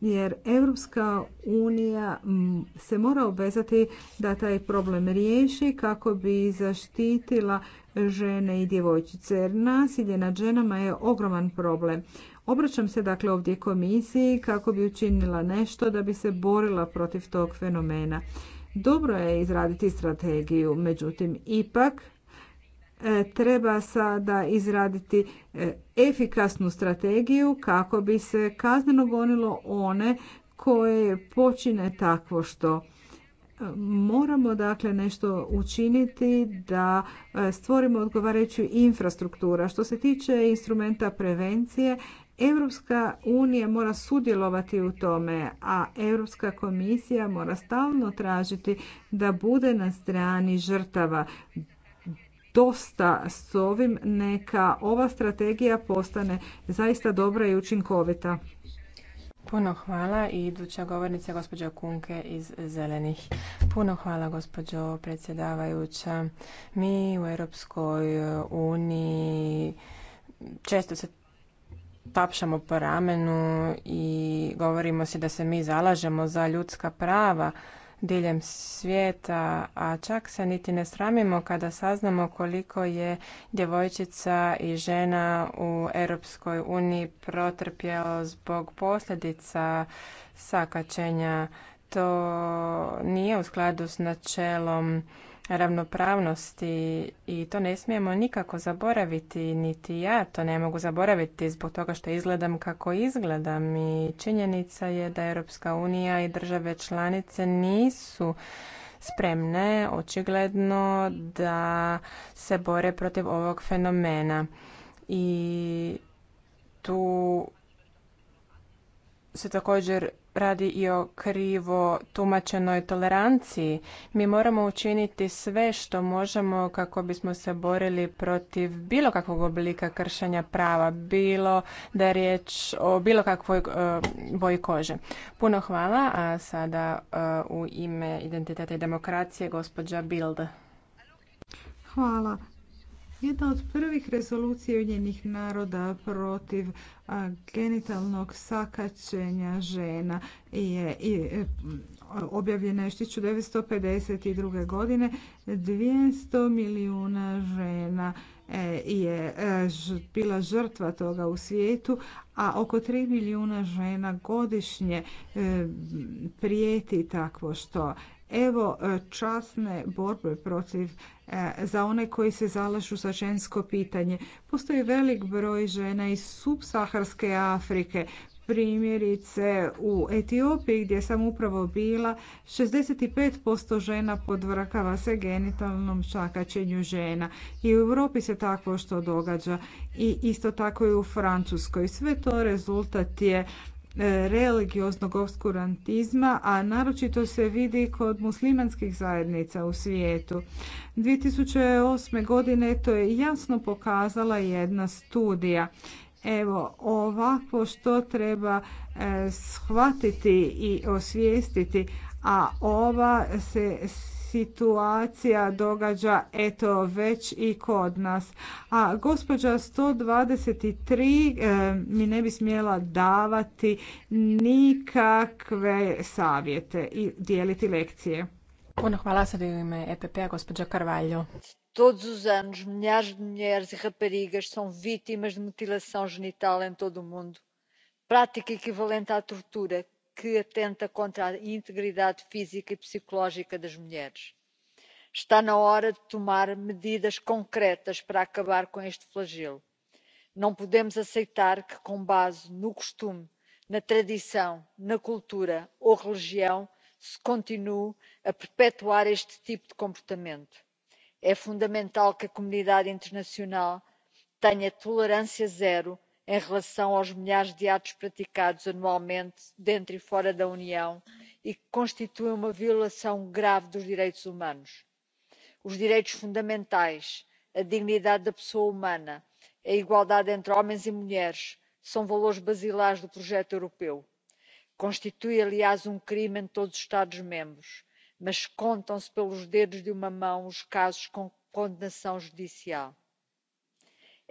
jer Europska unija mm, se mora obvezati da taj problem riješi kako bi zaštitila žene i djevojčice jer nasilje nad ženama je ogroman problem. Obraćam se dakle ovdje komisiji kako bi učinila nešto da bi se borila protiv tog fenomena. Dobro je izraditi strategiju, međutim ipak E, treba sada izraditi e, efikasnu strategiju kako bi se kazneno gonilo one koje počine takvo što e, moramo dakle nešto učiniti da stvorimo odgovarajuću infrastruktura. Što se tiče instrumenta prevencije, Europska unija mora sudjelovati u tome, a Europska komisija mora stalno tražiti da bude na strani žrtava, dosta s ovim, neka ova strategija postane zaista dobra i učinkovita. Puno hvala i iduća govornica gospođa Kunke iz Zelenih. Puno hvala gospođo predsjedavajuća. Mi u Europskoj uniji često se tapšamo po ramenu i govorimo se da se mi zalažemo za ljudska prava, diljem svijeta, a čak se niti ne sramimo kada saznamo koliko je djevojčica i žena u Europskoj uniji protrpjelo zbog posljedica sakačenja. To nije u skladu s načelom ravnopravnosti i to ne smijemo nikako zaboraviti, niti ja to ne mogu zaboraviti zbog toga što izgledam kako izgledam i činjenica je da Europska unija i države članice nisu spremne očigledno da se bore protiv ovog fenomena i tu se također radi i o krivo tumačenoj toleranciji. Mi moramo učiniti sve što možemo kako bismo se borili protiv bilo kakvog oblika kršenja prava, bilo da je riječ o bilo kakvoj e, boji kože. Puno hvala, a sada e, u ime identiteta i demokracije gospođa Bild. Hvala. Jedna od prvih rezolucija Ujedinjenih naroda protiv genitalnog sakaćenja žena je e, objavljena još 1952. godine. 200 milijuna žena e, je e, bila žrtva toga u svijetu, a oko 3 milijuna žena godišnje prijeti takvo što Evo e, časne borbe protiv e, za one koji se zalažu za žensko pitanje. Postoji velik broj žena iz subsaharske Afrike, primjerice u Etiopiji gdje sam upravo bila 65% žena podvrkava se genitalnom čakaćenju žena i u Europi se tako što događa i isto tako i u Francuskoj sve to rezultat je E, religioznog oskurantizma, a naročito se vidi kod muslimanskih zajednica u svijetu. 2008. godine to je jasno pokazala jedna studija. Evo, ovako što treba e, shvatiti i osvijestiti, a ova se situacija događa eto već i kod nas. A gospođa 123 eh, mi ne bi smjela davati nikakve savjete i dijeliti lekcije. Puno hvala sad u ime EPP-a gospođa Carvalho. Todos os anos, milhares de mulheres e raparigas são vítimas de mutilação genital em todo o mundo. Prática equivalente à tortura, que atenta contra a integridade física e psicológica das mulheres. está na hora de tomar medidas concretas para acabar com este flagelo. não podemos aceitar que com base no costume na tradição na cultura ou religião se continue a perpetuar este tipo de comportamento. é fundamental que a comunidade internacional tenha tolerância zero em relação aos milhares de atos praticados anualmente dentro e fora da união e que constituem uma violação grave dos direitos humanos os direitos fundamentais a dignidade da pessoa humana a igualdade entre homens e mulheres são valores basilares do projeto europeu. constitui aliás um crime em todos os estados membros mas contam se pelos dedos de uma mão os casos com condenação judicial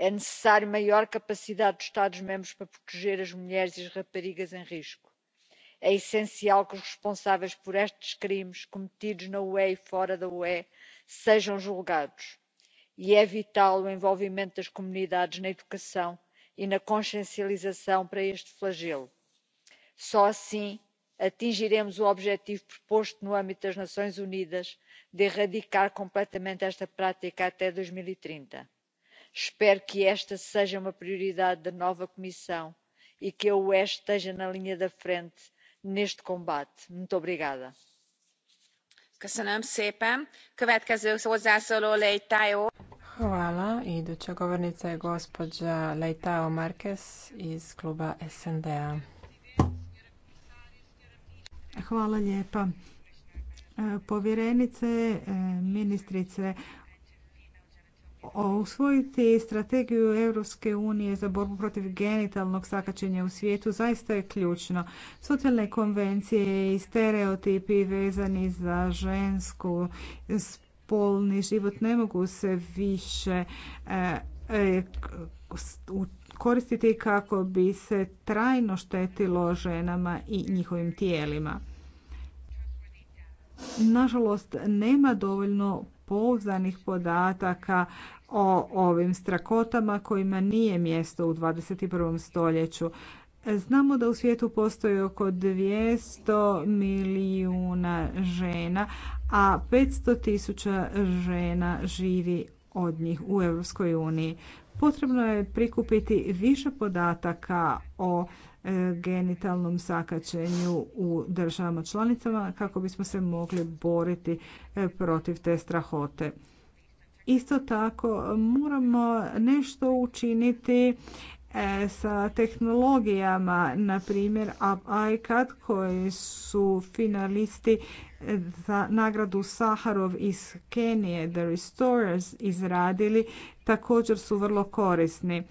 é necessário maior capacidade dos estados membros para proteger as mulheres e as raparigas em risco. é essencial que os responsáveis por estes crimes cometidos na ue e fora da ue sejam julgados e é vital o envolvimento das comunidades na educação e na consciencialização para este flagelo. só assim atingiremos o objetivo proposto no âmbito das nações unidas de erradicar completamente esta prática até dois mil e trinta espero que esta seja uma prioridade da nova comissão e que a ue esteja na linha da frente neste combate. muito obrigada. Hvala. Iduća govornica je gospođa Leitao markes iz kluba snda a Hvala lijepa. Povjerenice, ministrice, Usvojiti strategiju Europske unije za borbu protiv genitalnog sakačenja u svijetu zaista je ključno. Socijalne konvencije i stereotipi vezani za žensku spolni život ne mogu se više e, e, koristiti kako bi se trajno štetilo ženama i njihovim tijelima. Nažalost, nema dovoljno pouzdanih podataka o ovim strakotama kojima nije mjesto u 21. stoljeću. Znamo da u svijetu postoji oko 200 milijuna žena, a 500 tisuća žena živi od njih u Europskoj uniji. Potrebno je prikupiti više podataka o E, genitalnom sakaćenju u državama članicama kako bismo se mogli boriti e, protiv te strahote. Isto tako moramo nešto učiniti e, sa tehnologijama, na primjer iCAD koji su finalisti za nagradu Saharov iz Kenije, The Restorers, izradili, također su vrlo korisni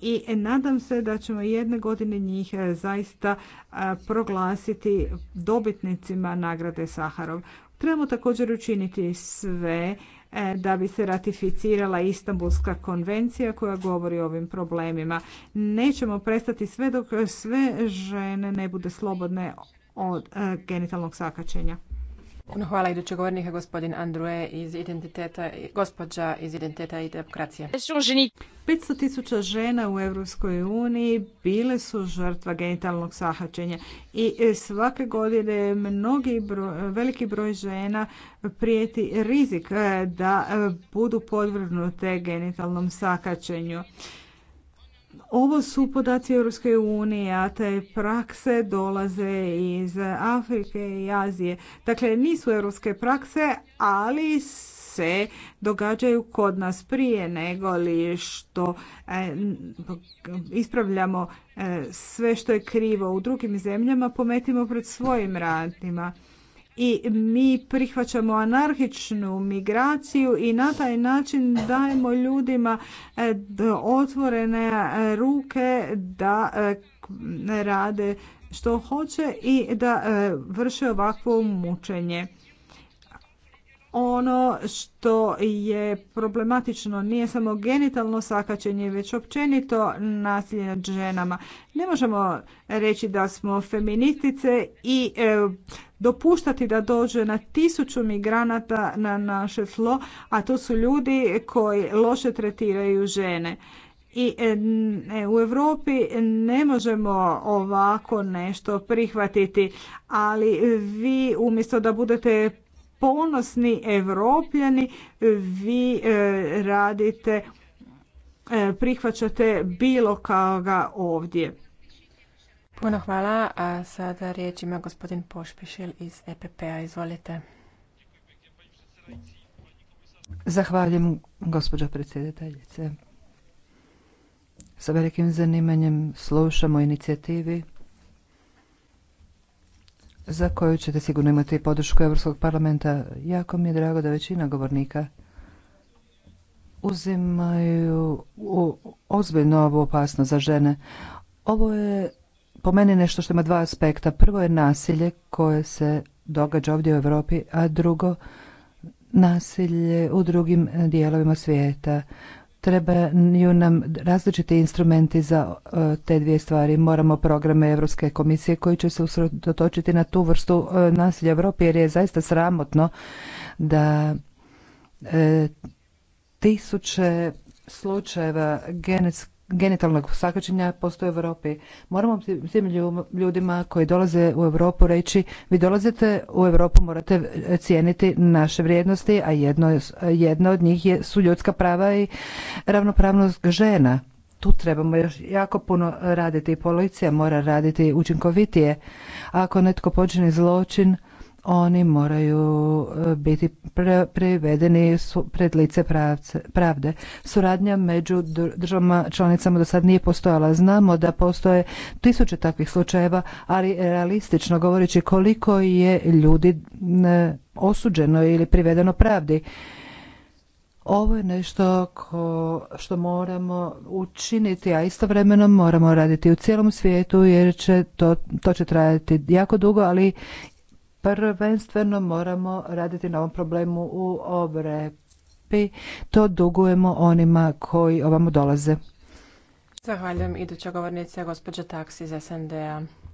i nadam se da ćemo jedne godine njih e, zaista e, proglasiti dobitnicima nagrade Saharov. Trebamo također učiniti sve e, da bi se ratificirala Istanbulska konvencija koja govori o ovim problemima. Nećemo prestati sve dok sve žene ne bude slobodne od genitalnog sakačenja hvala idućeg govornika, gospodin Andruje iz identiteta, gospođa iz identiteta i demokracije. 500 tisuća žena u Europskoj uniji bile su žrtva genitalnog sahačenja i svake godine mnogi broj, veliki broj žena prijeti rizik da budu podvrgnute genitalnom sahačenju. Ovo su podaci Europske unije, a te prakse dolaze iz Afrike i Azije. Dakle, nisu europske prakse, ali se događaju kod nas prije nego li što e, ispravljamo e, sve što je krivo u drugim zemljama, pometimo pred svojim radnima i mi prihvaćamo anarhičnu migraciju i na taj način dajemo ljudima e, otvorene e, ruke da e, rade što hoće i da vrše ovakvo mučenje ono što je problematično nije samo genitalno sakaćenje već općenito nasilje nad ženama. Ne možemo reći da smo feministice i e, dopuštati da dođe na tisuću migranata na naše tlo, a to su ljudi koji loše tretiraju žene. I e, u Europi ne možemo ovako nešto prihvatiti, ali vi umjesto da budete ponosni evropljani vi e, radite e, prihvaćate bilo koga ovdje. Puno hvala, a sada riječ ima gospodin Pošpišil iz EPP-a, izvolite. Zahvaljujem, gospođo predsjedateljice. Sa velikim zanimanjem slušamo inicijativi za koju ćete sigurno imati podršku Europskog parlamenta. Jako mi je drago da većina govornika uzimaju u ozbiljno ovu opasnost za žene. Ovo je po meni nešto što ima dva aspekta. Prvo je nasilje koje se događa ovdje u Europi, a drugo nasilje u drugim dijelovima svijeta trebaju nam različiti instrumenti za e, te dvije stvari. Moramo programe Europske komisije koji će se usredotočiti na tu vrstu e, nasilja Europi jer je zaista sramotno da e, tisuće slučajeva genetske genitalnog sakačenja postoje u Europi. Moramo svim ljudima koji dolaze u Europu reći vi dolazite u Europu morate cijeniti naše vrijednosti, a jedno, od njih je, su ljudska prava i ravnopravnost žena. Tu trebamo još jako puno raditi i policija mora raditi učinkovitije. Ako netko počini zločin, oni moraju e, biti privedeni pred lice pravde. Suradnja među državama članicama do sad nije postojala. Znamo da postoje tisuće takvih slučajeva, ali realistično govoreći koliko je ljudi e, osuđeno ili privedeno pravdi. Ovo je nešto što moramo učiniti, a istovremeno moramo raditi u cijelom svijetu jer će to, to će trajati jako dugo, ali prvenstveno moramo raditi na ovom problemu u Obrepi. To dugujemo onima koji ovamo dolaze. Zahvaljujem iduća govornica gospođa Taksi iz SND-a.